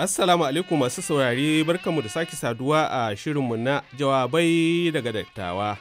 Assalamu alaikum masu saurare barkanmu da sake saduwa a mu na jawabai daga dattawa.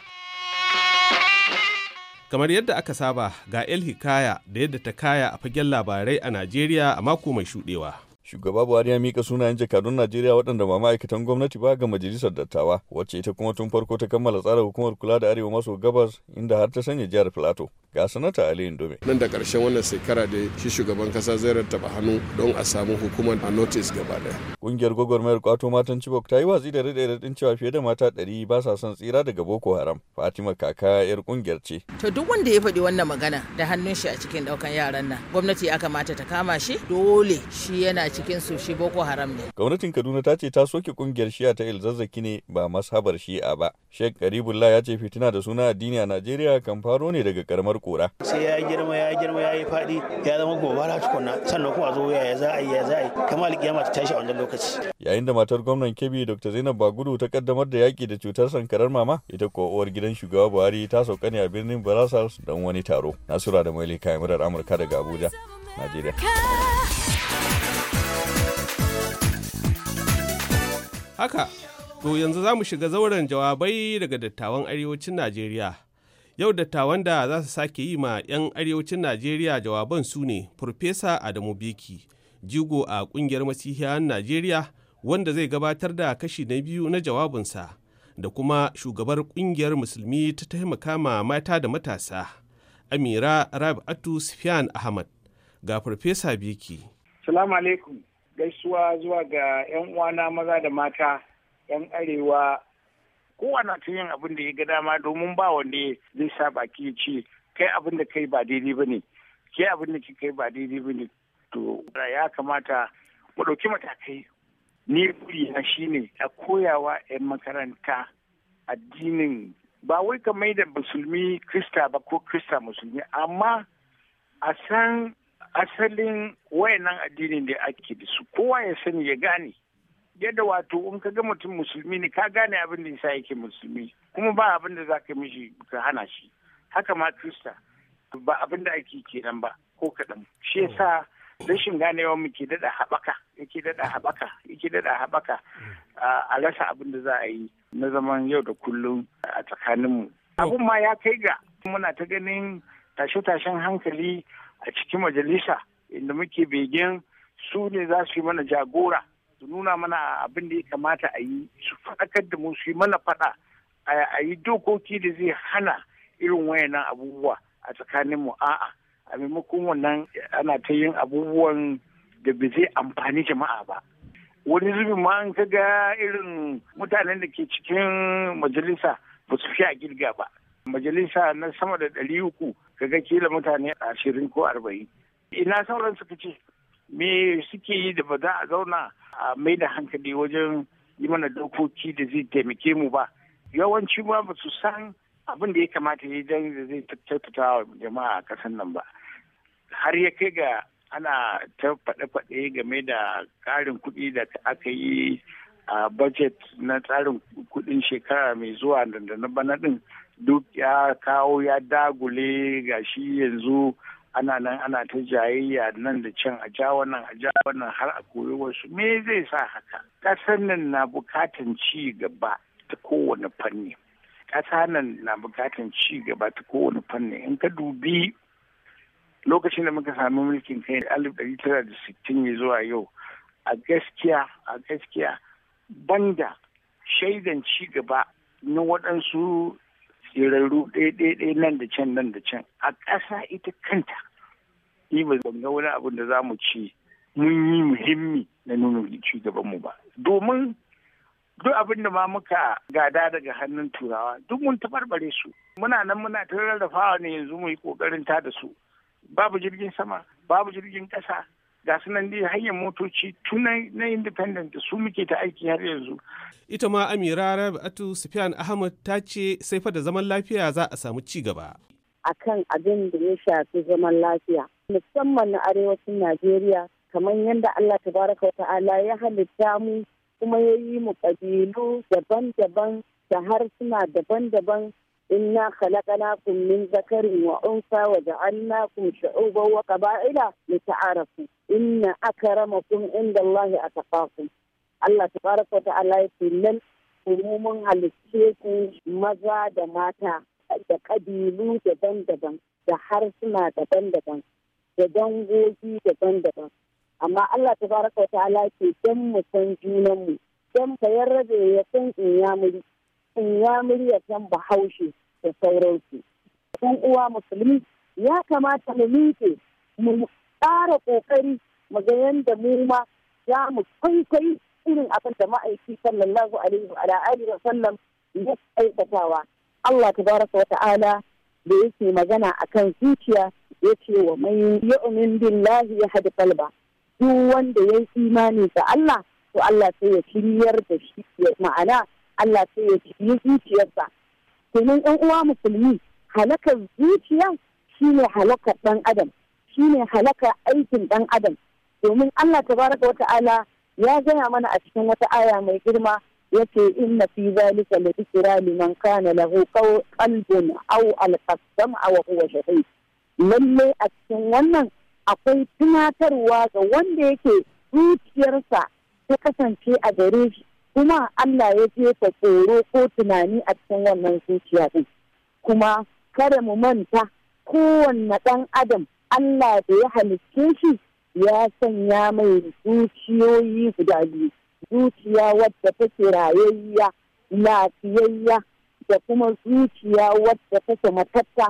Kamar yadda aka saba ga El Hikaya da yadda ta kaya a fagen labarai a Najeriya a mako mai shudewa. shugaba buhari ya mika sunayen jakadun najeriya waɗanda ba ma'aikatan gwamnati ba ga majalisar dattawa wacce ita kuma tun farko ta kammala tsara hukumar kula da arewa maso gabas inda har ta sanya jihar filato ga sanata ali indome nan da ƙarshen wannan shekara da shi shugaban kasa zai rattaba hannu don a samu hukumar a notice gaba ɗaya ƙungiyar gwagwarmayar kwato matan cibok ta yi watsi da rida irin cewa fiye da mata ɗari ba sa son tsira daga boko haram fatima kaka yar ƙungiyar ce to duk wanda ya faɗi wannan magana da hannun shi a cikin ɗaukan yaran nan gwamnati ya kamata ta kama shi dole shi yana cikinsu shi boko haram ne gwamnatin kaduna ta ce ta soke kungiyar shi'a ta ilzazzaki ne ba mashabar shi'a ba sheikh karibullah ya ce fitina da suna addini a najeriya kan faro ne daga karamar kora sai ya girma ya girma ya yi faɗi ya zama gobara tukunna sannan kuma a zo ya za a yi ya za a yi kamar alƙiyama ta tashi a wannan lokaci yayin da matar gwamnan kebbi dr zainab bagudu ta kaddamar da yaki da cutar sankarar mama ita ko uwar gidan shugaba buhari ta sauka ne a birnin barasas don wani taro nasura da maili kayan amurka daga abuja najeriya Haka, to yanzu za mu shiga zauren jawabai daga dattawan arewacin Najeriya. Yau dattawan da za su sake yi ma 'yan arewacin Najeriya jawaban su ne Farfesa Adamu Biki, jigo a ƙungiyar Masihiyan Najeriya wanda zai gabatar da kashi na biyu na jawabinsa, da kuma shugabar ƙungiyar Musulmi ta taimaka ma mata da matasa, Amira atu Sufyan Ahmad, ga Farfesa Biki. Salamu alaikum. gaisuwa zuwa ga 'yan uwana maza da mata 'yan arewa kowane tun yin abin da ya ga dama domin ba wanda zai sa baki ya ce kai abin da kai ba daidai ba ne ke abin da kai ba daidai ba ne to ya kamata mu ɗauki matakai ni shi ne. a koyawa 'yan makaranta addinin ba wai ka mai da musulmi krista ba ko krista musulmi amma a san asalin wayannan addinin da ake da su kowa ya sani ya gane yadda wato in ka ga mutum musulmi ne ka gane abin da yasa yake musulmi kuma ba abin da zaka mishi ka hana shi haka ma krista ba abin da ake kenan ba ko kaɗan shi yasa rashin ganewa mu ke daɗa haɓaka yake daɗa haɓaka yake daɗa haɓaka a rasa abin da za a yi na zaman yau da kullum a tsakaninmu abun ma ya kai ga muna ta ganin tashe-tashen hankali a cikin majalisa inda muke begen su ne za su yi mana jagora su nuna mana abin da ya kamata a yi su faɗakar da mu su yi mana faɗa a yi dokoki da zai hana irin wayannan abubuwa a tsakanin mu a'a a maimakon wannan ana ta yin abubuwan da ba zai amfani jama'a ba wani zubin ma an kaga irin mutanen da ke cikin majalisa ba su fi a girga ba majalisa na sama da ɗari uku ga kila mutane ashirin ko arba'in ina sauran suka ce me suke yi da ba za a zauna a mai da hankali wajen yi mana dokoki da zai taimake mu ba yawanci ma ba su san abin da ya kamata yi don da zai tattauta wa jama'a a ƙasar nan ba har ya kai ga ana ta faɗe-faɗe game da ƙarin kuɗi da aka yi a budget na tsarin kuɗin shekara mai zuwa da na bana ɗin duk ya kawo ya dagule ga shi yanzu ana nan ana ta jayayya nan da can a ja wannan a ja wannan har a koyo wasu me zai sa haka ƙasar nan na bukatan ci gaba ta kowane fanni ƙasa nan na bukatan ci gaba ta kowane fanni in ka dubi lokacin da muka sami mulkin kai alif ɗari tara da sittin ya zuwa yau a gaskiya a gaskiya banda shaidan ci gaba na waɗansu tsirarru ɗaiɗaiɗai nan da can nan da can a ƙasa ita kanta ni ba zan ga wani abin da za mu ci mun yi muhimmi na nuna ci mu ba domin duk abin da ma muka gada daga hannun turawa duk mun tabarbare su muna nan muna ta rarrafawa ne yanzu mu yi kokarin ta da su babu jirgin sama babu jirgin ƙasa ga su nan hanyar motoci tun na independent su muke ta aiki har yanzu. Ita ma Amira Rabi'atu Sufyan Ahmad ta ce sai fa da zaman lafiya za a samu ci gaba. a kan abin da ya shafi zaman lafiya musamman na arewacin Najeriya kamar yadda Allah baraka wa ta'ala ya halitta mu kuma ya yi mu ƙabilu daban-daban da harsuna daban-daban إنا خلقناكم من ذكر وأنثى وجعلناكم شعوبا وقبائل لتعارفوا إن أكرمكم عند الله أتقاكم الله تبارك وتعالى يقول umumin halittu ku maza da mata da ƙabilu daban-daban da harsuna daban-daban da dangogi daban-daban amma Allah ta baraka wa ta'ala ke dan mu san junanmu dan ka yarrabe ya san in ya ya murya kan bahaushe da sauransu. Yan uwa musulmi ya kamata mu miƙe mu ƙara ƙoƙari mu ga yadda mu ma za mu kwaikwayi irin abin da ma'aiki sallallahu alaihi wa alihi wa sallam ya aikatawa. Allah tabaraka wa ta'ala da yake magana akan zuciya ya ce wa mai yu'min billahi ya hadi kalba duk wanda ya yi imani ga Allah to Allah sai ya shiryar da shi ma'ana Allah sai ya yi zuciyarsa domin ɗan uwa musulmi halakar zuciya shine halakar ɗan adam shine halakar aikin ɗan adam domin Allah ta baraka wa ta'ala ya gaya mana a cikin wata aya mai girma yace na fi zalika la dhikra liman kana lahu qalbun aw al-qasam aw huwa shahid lalle a cikin wannan akwai tunatarwa ga wanda yake zuciyarsa ta kasance a gare shi kuma Allah ya jefa tsoro ko tunani a cikin wannan zuciya din kuma kada mu manta kowanne ɗan adam Allah da ya halicce shi ya sanya mai zuciyoyi guda biyu zuciya wadda take rayayya lafiyayya da kuma zuciya wadda take matatta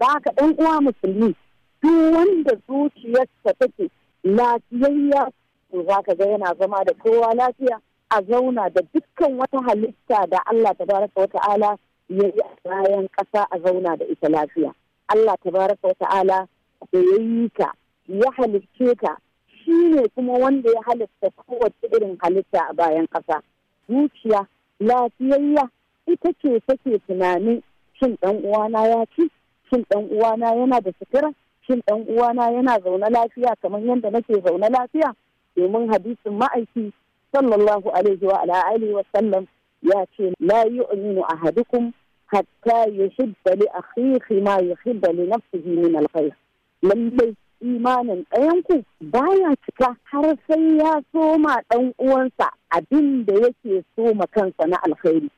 Ba ka ɗan uwa musulmi duk wanda zuciyarsa take lafiyayya to za ka ga yana zama da kowa lafiya a zauna da dukkan wata halitta da Allah tabaraka wa ta'ala ya yi a bayan ƙasa a zauna da ita lafiya. Allah ta tabaraka wa ta'ala da ya yi ta ya halicce ka shi ne kuma wanda ya halitta kowace irin halitta a bayan ƙasa. Zuciya lafiyayya ita ce take tunanin shin ɗan uwana ya ci, shin ɗan uwana yana da sutura, shin ɗan uwana yana zaune lafiya kamar yadda nake zaune lafiya. Domin hadisin ma'aiki sallallahu alaihi wa ala wa sallam ya ce la yu'minu ahadukum hatta yuhibba li akhihi ma yuhibba li nafsihi min alkhair lallai imanin ɗayanku baya cika har sai ya soma ɗan uwansa abin da yake soma kansa na alkhairi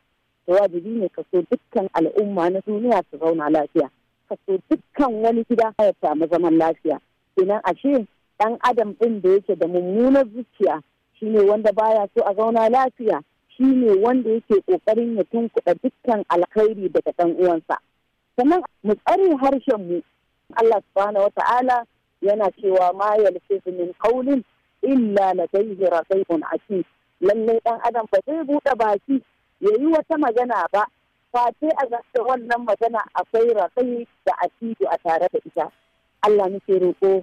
to wajibi ne ka so dukkan al'umma na duniya su zauna lafiya ka so dukkan wani gida ya samu zaman lafiya kenan ashe ɗan adam ɗin da yake da mummunar zuciya ne wanda baya so a zauna lafiya Shi ne wanda yake kokarin ya tunkuɗa dukkan alkhairi daga ɗan uwansa sannan mu tsare harshen mu Allah subhanahu wata'ala yana cewa ma yalfizu min qawlin illa ladayhi raqibun atid lallai ɗan adam ba zai buɗe baki yayi wata magana ba face a zance wannan magana akwai raƙai da asidu a tare da ita Allah muke roƙo